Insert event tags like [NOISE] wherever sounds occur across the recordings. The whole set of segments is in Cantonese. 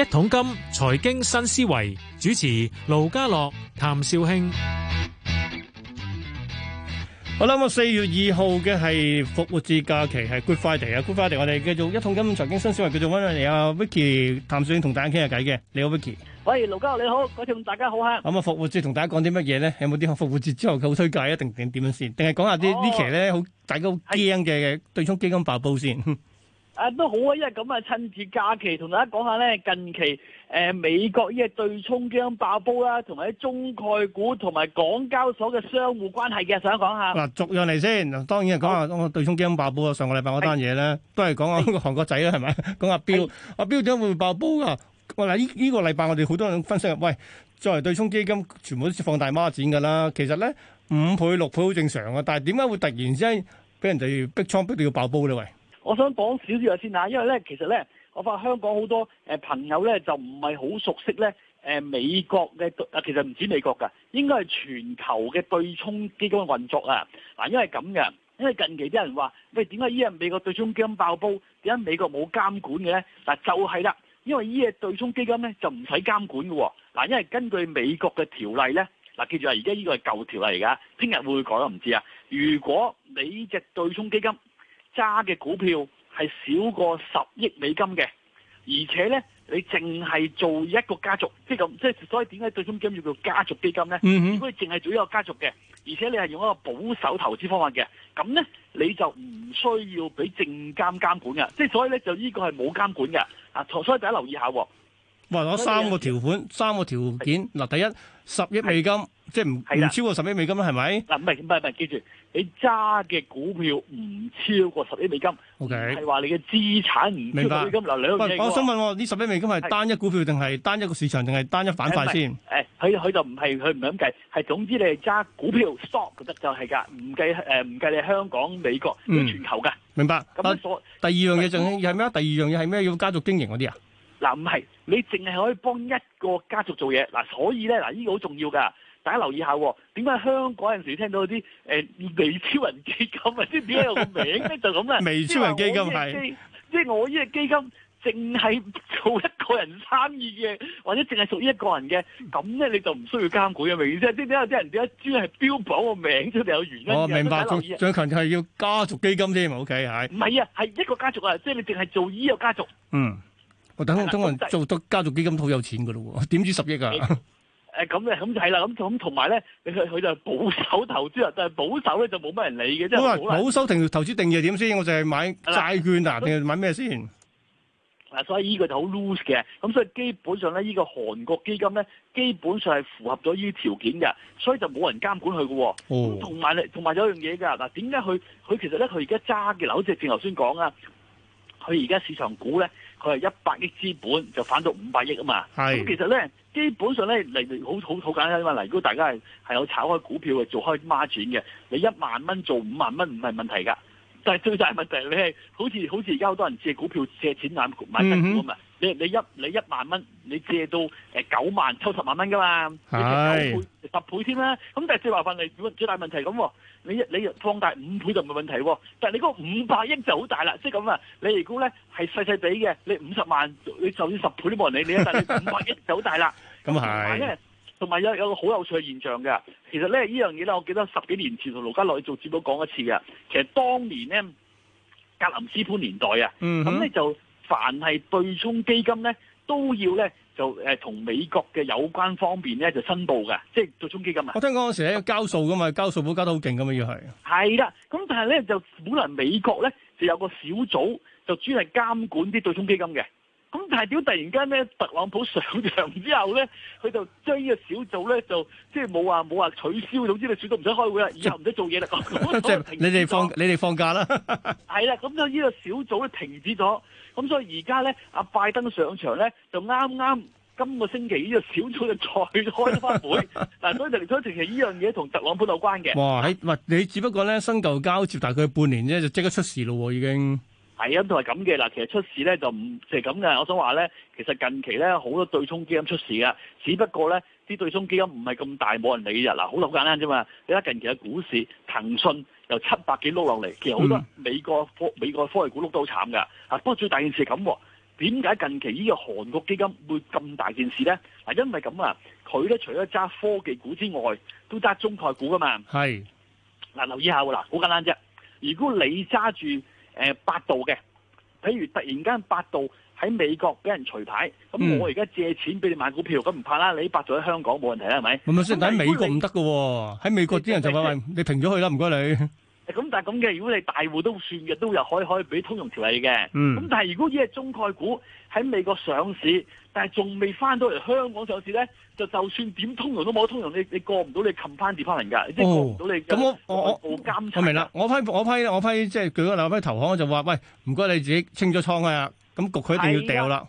一桶金財經新思維主持盧家樂、譚紹興。我諗我四月二號嘅係復活節假期係 Good Friday 啊，Good Friday 我哋繼續一桶金財經新思維繼續溫翻嚟啊，Vicky 譚紹興同大家傾下偈嘅，你好 Vicky。喂，盧家樂你好，嗰場大家好哈。咁啊，復活節同大家講啲乜嘢咧？有冇啲復活節之後嘅好推介是怎是說說、哦、一定定點樣先？定係講下啲呢期咧好大家好驚嘅對沖基金爆煲先？啊，都好啊！因為咁啊，趁住假期，同大家講下咧，近期誒美國呢個對沖基金爆煲啦，同埋啲中概股同埋港交所嘅相互關係嘅，想講下。嗱，逐樣嚟先。當然係講下我對沖基金爆煲啊！上個禮拜嗰單嘢咧，都係講下個韓國仔啦，係咪？講阿標，阿標點會爆煲㗎？哇！嗱，呢呢個禮拜我哋好多人分析，喂，作為對沖基金，全部都係放大孖展㗎啦。其實咧，五倍、六倍好正常啊。但係點解會突然之間俾人哋逼倉逼到要爆煲咧？喂！我想講少少嘢先啊，因為咧，其實咧，我發覺香港好多誒朋友咧就唔係好熟悉咧誒美國嘅，其實唔止美國㗎，應該係全球嘅對沖基金嘅運作啊！嗱，因為咁嘅，因為近期啲人話，喂點解依日美國對沖基金爆煲？點解美國冇監管嘅咧？嗱就係、是、啦，因為依嘢對沖基金咧就唔使監管嘅喎，嗱因為根據美國嘅條例咧，嗱記住啊，而家呢個係舊條例而家，聽日會唔會改都唔知啊！如果美隻對沖基金，揸嘅股票係少過十億美金嘅，而且咧你淨係做一個家族，即係咁，即係所以點解對沖基金叫家族基金咧？嗯哼，如果你淨係做一個家族嘅，而且你係用一個保守投資方法嘅，咁咧你就唔需要俾證監監管嘅，即係所以咧就呢個係冇監管嘅啊，所以大家留意下喎。哇！攞三個條款，三個條件嗱，第一十億美金，即係唔唔超過十億美金啦，係咪？嗱，唔係唔係唔係，記住。你揸嘅股票唔超過十億美金，OK，係話你嘅資產唔超過十億美金。嗱、okay，兩個嘢。我想問我，呢十億美金係單一股票定係單一個市場定係單一板塊先？誒，佢、欸、佢就唔係佢唔係咁計，係總之你係揸股票 stock、嗯、就得㗎，唔計誒唔計你香港、美國，全球㗎、嗯。明白。咁、啊、第二樣嘢仲係咩，第二樣嘢係咩？要家族經營嗰啲啊？嗱，唔係，你淨係可以幫一個家族做嘢。嗱、啊，所以咧，嗱、啊，依、呢個好重要㗎。大家留意下喎，點解香港嗰陣時聽到啲誒微超人基金啊？即點解有個名咧就咁咧？微超人基金係，即我呢隻、就是、 [LAUGHS] 基金淨係、就是就是就是、做一個人參與嘅，或者淨係屬於一個人嘅，咁咧你就唔需要監管啊？明唔明意思先？即點解有啲人點解專係標榜個名出嚟有原因？我、哦、明白，最，最強就係要家族基金先，OK？係唔係啊？係一個家族啊，即、就是、你淨係做呢個家族。嗯，我等等中國人做多家族基金，好有錢噶咯喎，點知十億啊？嗯誒，咁咧，咁就係啦，咁咁同埋咧，佢佢就保守投資啊，但係保守咧就冇乜人理嘅，啫。好難。保守停投資定投資定義點先？我淨係買債券嗱，定係買咩先？嗱，所以呢個就好 loose 嘅，咁所以基本上咧，呢個韓國基金咧，基本上係符合咗呢條件嘅，所以就冇人監管佢嘅。喎、哦。同埋咧，同埋有樣嘢噶，嗱，點解佢佢其實咧，佢而家揸嘅嗱，好似正頭先講啊。佢而家市場股咧，佢係一百億資本就反到五百億啊嘛。咁其實咧，基本上咧嚟好好好簡單啊嘛。嗱，如果大家係係有炒開股票嘅做開孖展嘅，你一萬蚊做五萬蚊唔係問題㗎。但係最大的問題，你係好似好似而家好多人借股票借錢買股買新股啊嘛。嗯。你你一你一萬蚊，你借到誒九萬、抽十萬蚊噶嘛？你九倍、十倍添啦。咁但係最麻煩係最最大問題係咁喎。你你放大五倍就冇問題喎，但係你嗰五百億就好大啦。即係咁啊！你如果咧係細細哋嘅，你五十萬，你就算十倍都冇人理你。 [LAUGHS] 但你五百億就好大啦。咁 [LAUGHS] 係。同埋有有個好有趣嘅現象㗎。其實咧呢樣嘢咧，我記得十幾年前同盧家樂去做節目講一次嘅。其實當年咧格林斯潘年代啊，咁、嗯、咧就。凡係對沖基金咧，都要咧就誒、呃、同美國嘅有關方面咧就申報嘅，即係對沖基金啊！我聽講嗰時個交數㗎嘛，交數簿交得好勁㗎嘛，要係。係啦，咁但係咧就本來美國咧就有個小組就專係監管啲對沖基金嘅。咁代表突然間咧，特朗普上場之後咧，佢就將呢個小組咧就即係冇話冇話取消，總之你小組唔使開會啦，以後唔使做嘢啦。即係你哋放你哋放假啦。係 [LAUGHS] 啦，咁就呢個小組咧停止咗。咁所以而家咧，阿拜登上場咧，就啱啱今個星期呢個小組就再開翻會。嗱、 [LAUGHS] 啊，所以就嚟講，其實呢樣嘢同特朗普有關嘅。哇，喺你只不過咧新舊交接大概半年呢，就即刻出事咯，已經。係啊，都係咁嘅嗱。其實出事咧就唔即係咁嘅。我想話咧，其實近期咧好多對沖基金出事啊。只不過咧，啲對沖基金唔係咁大，冇人理咋嗱。好簡單啫嘛。你睇近期嘅股市，騰訊由七百幾碌落嚟，其實好多美國科美國科技股碌都好慘噶。嚇，不過最大件事係咁，點解近期呢個韓國基金會咁大件事咧？嗱，因為咁啊，佢咧除咗揸科技股之外，都揸中概股噶嘛。係嗱，留意下喎嗱，好簡單啫。如果你揸住誒、呃、百度嘅，譬如突然間百度喺美國俾人除牌，咁我而家借錢俾你買股票，咁唔怕啦，你百度喺香港冇問題啦，係、嗯、咪？唔係先，喺美國唔得㗎喎，喺美國啲人就話：喂，你停咗佢啦，唔該你。咁但係咁嘅，如果你大戶都算嘅，都有可以可以俾通融條例嘅。咁、嗯、但係如果依係中概股喺美國上市，但係仲未翻到嚟香港上市咧，就就算點通融都冇通融，你你過唔到你 compliance department 㗎，即係過唔到你。咁、哦、我我我監察。明啦，我批我批我批，即係舉個例，批投行就話，喂，唔該，你自己清咗倉啊！咁局佢一定要掉啦、啊。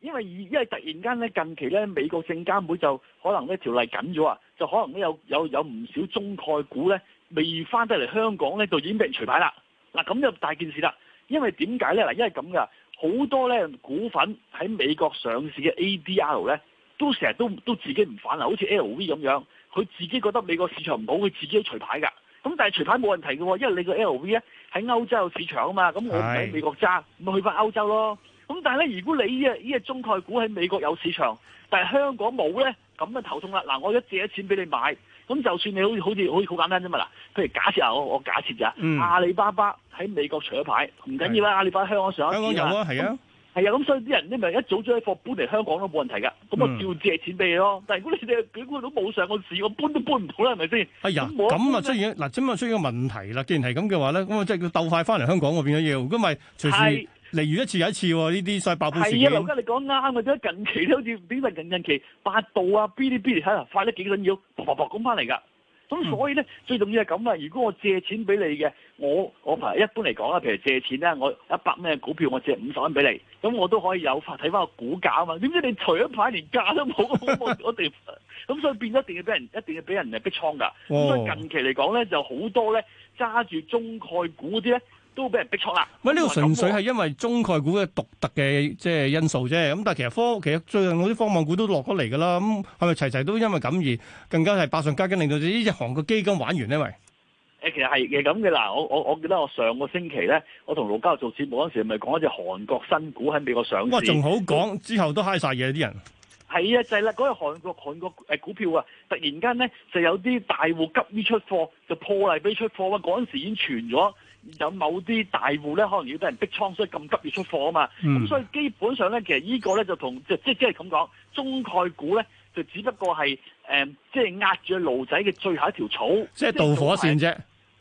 因為因為突然間咧，近期咧美國證監會就可能咧條例緊咗啊，就可能咧有有有唔少中概股咧。未翻得嚟香港咧，就已經被人除牌啦。嗱，咁就大件事啦。因為點解咧？嗱，因為咁噶，好多咧股份喺美國上市嘅 ADR 咧，都成日都都自己唔反流，好似 LV 咁樣，佢自己覺得美國市場唔好，佢自己都除牌噶。咁但係除牌冇問題嘅喎，因為你個 LV 咧喺歐洲有市場啊嘛。咁我唔喺美國揸，咪去翻歐洲咯。咁但係咧，如果你呢隻呢隻中概股喺美國有市場，但係香港冇咧，咁就頭痛啦。嗱，我一借咗錢俾你買。咁就算你好似好似好似好簡單啫嘛，嗱，譬如假設啊，我我假設咋、嗯，阿里巴巴喺美國除咗牌唔緊要啦、嗯，阿里巴巴香港上香港有啊，係啊，係啊，咁、啊啊、所以啲人咧咪一早將啲貨搬嚟香港都冇問題噶，咁我照借錢俾你咯。但係如果你哋港股都冇上過市，我搬都搬唔到啦，係咪先？係啊，咁啊，所以嗱，咁啊，出現個問題啦。既然係咁嘅話咧，咁啊，即係叫鬥快翻嚟香港我變咗要，如果咪係隨時。例如一次有一次喎，呢啲再爆盤。係啊，林吉，你講啱啊！而家近期都好似點講？近近期百度啊、Bilibili 喺度，快得幾緊要？砰砰砰，講翻嚟噶。咁所以咧、嗯，最重要係咁啊！如果我借錢俾你嘅，我我排一般嚟講啦，譬如借錢啦，我一百蚊嘅股票，我借五十蚊俾你，咁我都可以有法睇翻個股價啊嘛。點知你除咗牌連價都冇， [LAUGHS] 我哋咁所以變咗一定要俾人，一定要俾人係逼倉㗎。咁、哦、所以近期嚟講咧，就好多咧揸住中概股嗰啲咧。都俾人逼出啦。喂，呢個純粹係因為中概股嘅獨特嘅即係因素啫。咁但係其實科其實最近嗰啲科網股都落咗嚟噶啦。咁係咪齊齊都因為咁而更加係百上加斤，令到呢隻韓國基金玩完呢？喂，誒，其實係嘅。咁嘅嗱。我我我記得我上個星期咧，我同盧嘉做節目嗰時，咪講一隻韓國新股喺美國上市。哇，仲好講之後都嗨晒嘢啲人係啊，就係、是、啦。嗰、那個韓國韓國、呃、股票啊，突然間咧就有啲大戶急於出貨，就破例俾出貨啦。嗰陣時已經傳咗。有某啲大戶咧，可能要俾人逼倉，所以咁急要出貨啊嘛。咁、嗯、所以基本上咧，其實呢個咧就同即即即係咁講，中概股咧就只不過係誒，即係壓住路仔嘅最後一條草，即係導火線啫。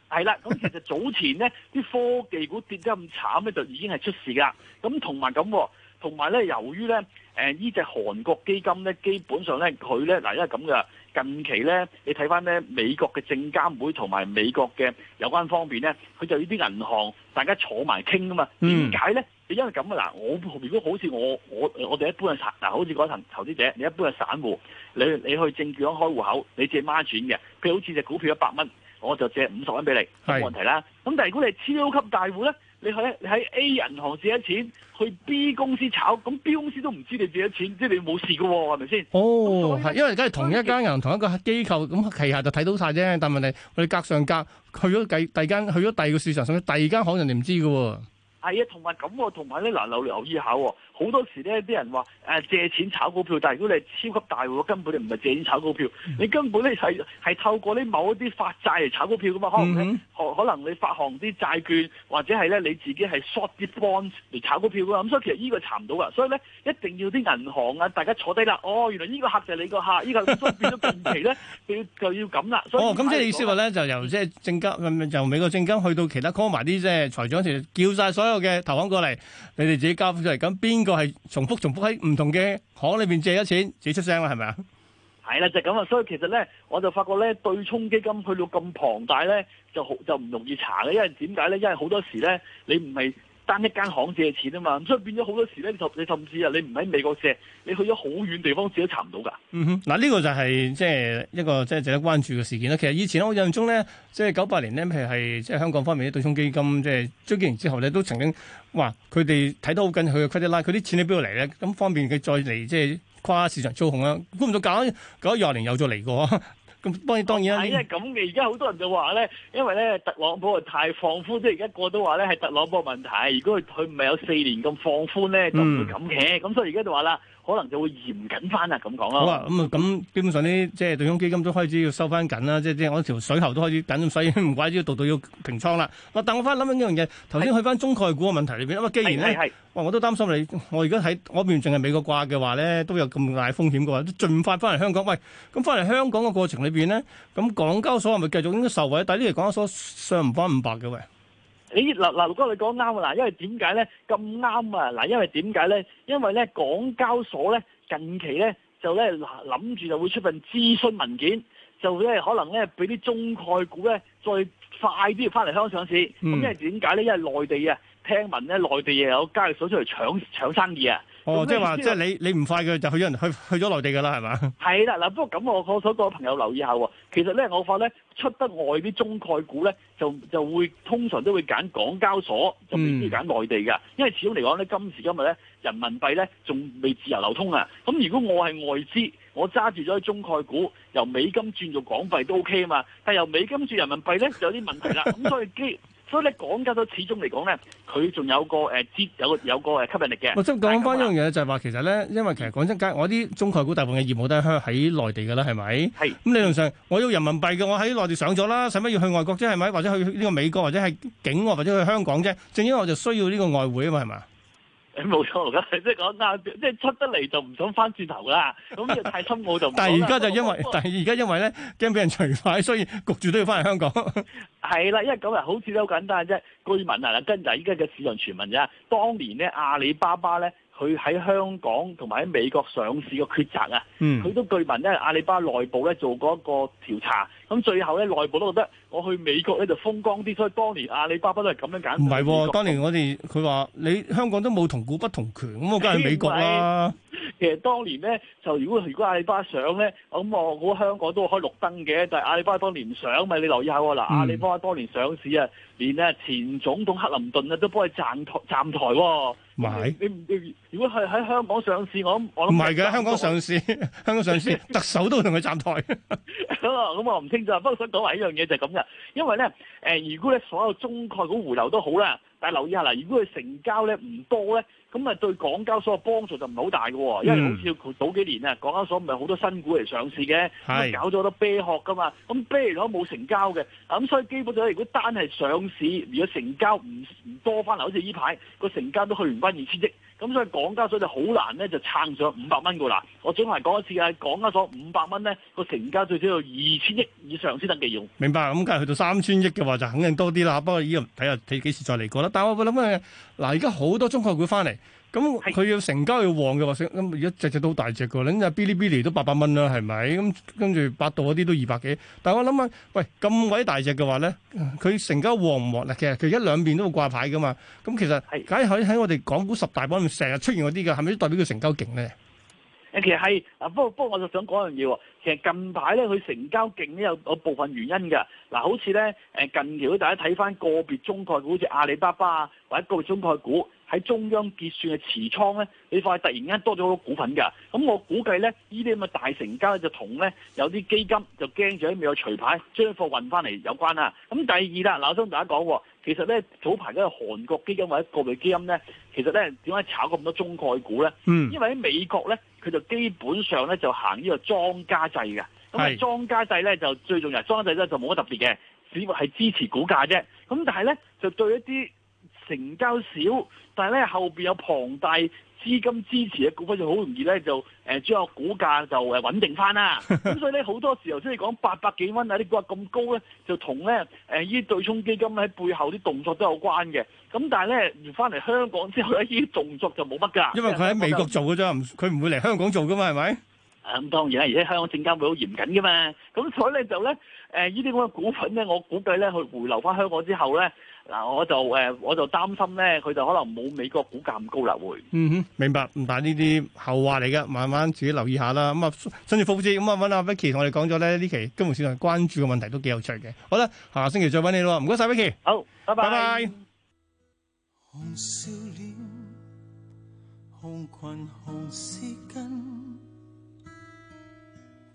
係啦，咁其實早前咧啲 [LAUGHS] 科技股跌得咁慘咧，就已經係出事㗎啦。咁同埋咁。同埋咧，由於咧，誒依隻韓國基金咧，基本上咧，佢咧嗱，因為咁嘅，近期咧，你睇翻咧，美國嘅證監會同埋美國嘅有關方面咧，佢就呢啲銀行，大家坐埋傾噶嘛，點解咧？因為咁啊！嗱，我如果好似我我我哋一般嘅嗱，好似嗰層投資者，你一般嘅散戶，你你去證券行開戶口，你借孖展嘅，譬如好似隻股票一百蚊，我就借五十蚊俾你，冇問題啦。咁但係如果你係超級大戶咧？你喺你喺 A 銀行借咗錢去 B 公司炒，咁 B 公司都唔知你借咗錢，即係你冇事㗎喎，係咪先？哦，係，因為而家係同一間銀行同一個機構咁旗下就睇到晒啫。但問題我哋隔上隔去咗第二間去咗第二個市場，甚至第二間行人哋唔知㗎喎。係啊，同埋咁喎，同埋咧，嗱留留意下喎，好多時咧，啲人話誒借錢炒股票，但係如果你係超級大戶，根本就唔係借錢炒股票，嗯、你根本咧係透過呢某一啲發債嚟炒股票噶嘛，可能、嗯、可能你發行啲債券，或者係咧你自己係 short 啲 bond 嚟炒股票㗎嘛，咁、嗯、所以其實呢個查唔到㗎，所以咧一定要啲銀行啊，大家坐低啦，哦，原來呢個客就係你客 [LAUGHS] 個客，呢個變咗近期咧就要就要咁啦。哦，咁、嗯、即係意思話咧、嗯，就由即係證交，嗯、就由美國證交去到其他 company 啲即係財長其實叫晒所有。嘅投行過嚟，你哋自己交出嚟，咁邊個係重複重複喺唔同嘅行裏邊借咗錢，自己出聲啦，係咪啊？係啦，就咁啊，所以其實咧，我就發覺咧，對沖基金去到咁龐大咧，就好就唔容易查嘅，因為點解咧？因為好多時咧，你唔係。單一間行借錢啊嘛，所以變咗好多時咧，你甚至啊，你唔喺美國借，你去咗好遠地方借都查唔到噶。嗯哼，嗱呢個就係即係一個即係值得關注嘅事件啦。其實以前我印象中咧，即係九八年咧，譬如係即係香港方面啲對沖基金即係追建完之後咧，都曾經話佢哋睇得好緊佢嘅 credit line，佢啲錢喺邊度嚟咧？咁方便佢再嚟即係跨市場操控啦。估唔到搞咗廿年又再嚟過。咁當然當然，係因為咁嘅。而家好多人就話咧，因為咧特朗普啊太放寬，即係而家個都話咧係特朗普問題。如果佢佢唔係有四年咁放寬咧，就唔會咁嘅。咁、嗯、所以而家就話啦。可能就會嚴謹翻啊！咁講啦，好啊咁啊咁，基本上啲即係對沖基金都開始要收翻緊啦，即係即係我條水喉都開始緊，所以唔怪之都要都要平倉啦。嗱，但我翻諗緊一樣嘢，頭先去翻中概股嘅問題裏面。咁啊，既然咧，哇，我都擔心你，我而家喺我邊淨係美國掛嘅話咧，都有咁大風險嘅話，都盡快翻嚟香港，喂咁翻嚟香港嘅過程裏面咧，咁港交所係咪繼續應該受惠？但係呢條港交所上唔翻五百嘅喂。你嗱嗱，陸哥你講啱啊！嗱，因為點解咧咁啱啊？嗱，因為點解咧？因為咧港交所咧近期咧就咧嗱諗住就會出份諮詢文件，就咧可能咧俾啲中概股咧再快啲翻嚟香港上市。咁、嗯、因為點解咧？因為內地啊，聽聞咧內地又有交易所出嚟搶搶生意啊！哦，即係話，即係你你唔快嘅就去咗人去去咗內地噶啦，係嘛？係啦，嗱，不過咁我所多朋友留意一下喎，其實咧我發咧出得外啲中概股咧就就會通常都會揀港交所，就唔會揀內地㗎、嗯。因為始終嚟講咧今時今日咧人民幣咧仲未自由流通啊，咁如果我係外資，我揸住咗中概股由美金轉做港幣都 OK 啊嘛，但由美金轉人民幣咧就有啲問題啦， [LAUGHS] 所以所以你講真都始終嚟講咧，佢仲有個誒、呃，有個有個吸引力嘅。我即係講翻一樣嘢，就係、是、話、就是、其實咧，因為其實講真，家我啲中概股大部分嘅業務都喺喺內地㗎啦，係咪？係。咁理論上，我要人民幣嘅，我喺內地上咗啦，使乜要去外國啫？係咪？或者去呢個美國，或者係境外，或者去香港啫？正因為我就需要呢個外匯啊嘛，係嘛？誒，冇錯噶，即係講，即係出得嚟就唔想翻轉頭啦。咁就太深奧，我就。但係而家就因為， [LAUGHS] 但係而家因為咧，驚俾人除牌，所以焗住都要翻嚟香港。係 [LAUGHS] 啦，因為今日好似都好簡單即係，居民啊，跟住依家嘅市場傳聞啫，當年咧阿里巴巴咧。佢喺香港同埋喺美國上市個抉擇啊！佢、嗯、都據聞咧，阿里巴巴內部咧做過一個調查，咁最後咧內部都覺得，我去美國咧就風光啲，所以當年阿里巴巴都係咁樣揀。唔係、啊，當年我哋佢話你香港都冇同股不同權，咁我梗係美國啦。其實當年咧，就如果如果阿里巴巴上咧，咁、嗯、我估香港都開綠燈嘅。但係阿里巴巴當年唔上咪你留意下喎。嗱，阿里巴巴當年上市啊，連誒前總統克林頓啊都幫佢站台站台喎。你如果係喺香港上市，我諗我諗唔係嘅。香港上市，香港上市，特首都同佢站台。咁 [LAUGHS] 啊、 [LAUGHS] 嗯，咁、嗯、我唔清楚。不過想講埋一樣嘢就係咁嘅，因為咧誒、呃，如果咧所有中概股回流都好啦，但係留意下嗱，如果佢成交咧唔多咧。咁啊，對港交所嘅幫助就唔係好大嘅，哦嗯，因為好似早幾年啊，港交所唔係好多新股嚟上市嘅，係搞咗好多啤殼噶嘛，咁啤殼都冇成交嘅，咁所以基本上如果單係上市，如果成交唔唔多翻嚟，好似呢排個成交都去唔翻二千億。咁所以港交所就好難咧，就撐上五百蚊噶啦。我總係講一次啊，港交所五百蚊咧，個成交最少要二千億以上先得嘅用。明白。咁梗係去到三千億嘅話，就肯定多啲啦。不過依個睇下睇幾時再嚟過啦。但我會諗咧，嗱，而家好多中概股翻嚟。咁佢要成交要旺嘅話，成咁而家隻隻都大隻嘅，咁啊 Bilibili 都八百蚊啦，係咪？咁跟住百度嗰啲都二百幾。但係我諗下，喂咁鬼大隻嘅話咧，佢成交旺唔旺咧？其實佢而家兩邊都會掛牌嘅嘛。咁其實，梗喺喺我哋港股十大板成日出現嗰啲嘅，係咪代表佢成交勁咧？誒，其實係嗱，不過不過我就想講樣嘢喎。其實近排咧，佢成交勁咧，有有部分原因嘅。嗱，好似咧誒，近期都大家睇翻個別中概股，好似阿里巴巴啊，或者個別中概股。喺中央結算嘅持倉咧，你發現突然間多咗好多股份㗎，咁我估計咧，呢啲咁嘅大成交咧就同咧有啲基金就驚住咧未有除牌將貨運翻嚟有關啦。咁第二啦，嗱我想同大家講喎，其實咧早排嗰個韓國基金或者個別基金咧，其實咧點解炒咁多中概股咧？嗯，因為喺美國咧，佢就基本上咧就行呢個莊家制嘅，咁啊莊家制咧就最重要，莊家制咧就冇乜特別嘅，只係支持股價啫。咁但係咧就對一啲。成交少，但係咧後邊有龐大資金支持嘅股份，就好容易咧就誒將個股價就誒穩定翻啦。咁 [LAUGHS] 所以咧好多時候即係講八百幾蚊啊啲股咁高咧，就同咧誒呢啲對沖基金喺背後啲動作都有關嘅。咁但係咧唔翻嚟香港之後，呢啲動作就冇乜㗎。因為佢喺美國做嘅啫，佢唔會嚟香港做噶嘛，係咪？啊咁當然啦，而家香港證監會好嚴謹嘅嘛，咁所以咧就咧，誒呢啲咁嘅股份咧，我估計咧佢回流翻香港之後咧，嗱我就誒我就擔心咧，佢就可能冇美國股價咁高啦會。嗯哼，明白，但係呢啲後話嚟嘅，慢慢自己留意下啦。咁啊，先至復先咁啊，揾阿 Vicky，我哋講咗咧呢期金融市場關注嘅問題都幾有趣嘅。好啦，下星期再揾你咯，唔該曬 Vicky。好，拜拜。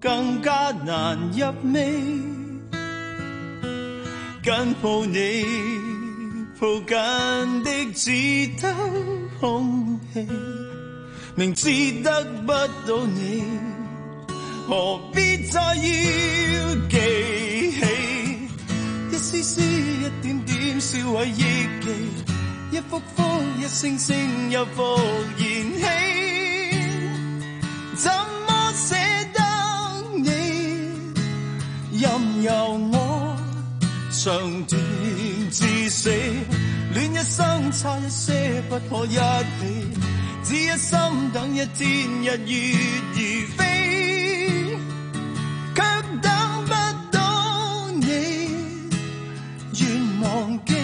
更加難入寐，緊抱你，抱緊的只得空氣，明知得不到你，何必再要記起？一絲絲，一點點，燒毀憶記，一幅幅，一聲聲，又復燃起。上段至死，戀一生差一些不可一起，只一心等一天日月如飛，卻等不到你，願忘記，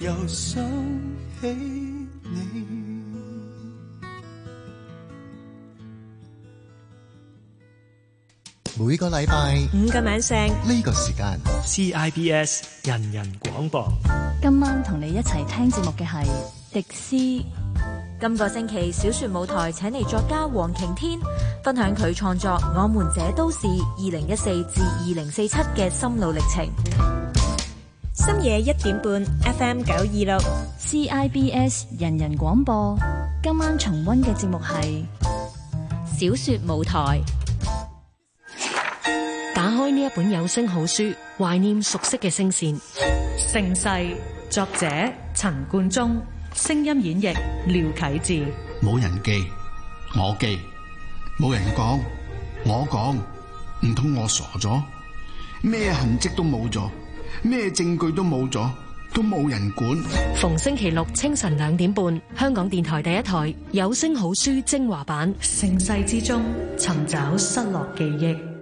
又想起。每個禮拜五個晚上呢個時間，CIBS 人人廣播。今晚同你一齊聽節目嘅係迪斯。今個星期小說舞台請嚟作家黃擎天分享佢創作《我們這都是二零一四至二零四七嘅心路歷程》。深夜一點半，FM 九二六，CIBS 人人廣播。今晚重溫嘅節目係小說舞台。一本有聲好書，懷念熟悉嘅聲線。盛世，作者陳冠中，聲音演繹廖啟智。冇人記，我記；冇人講，我講。唔通我傻咗？咩痕跡都冇咗，咩證據都冇咗，都冇人管。逢星期六清晨兩點半，香港電台第一台有聲好書精華版。盛世之中，尋找失落記憶。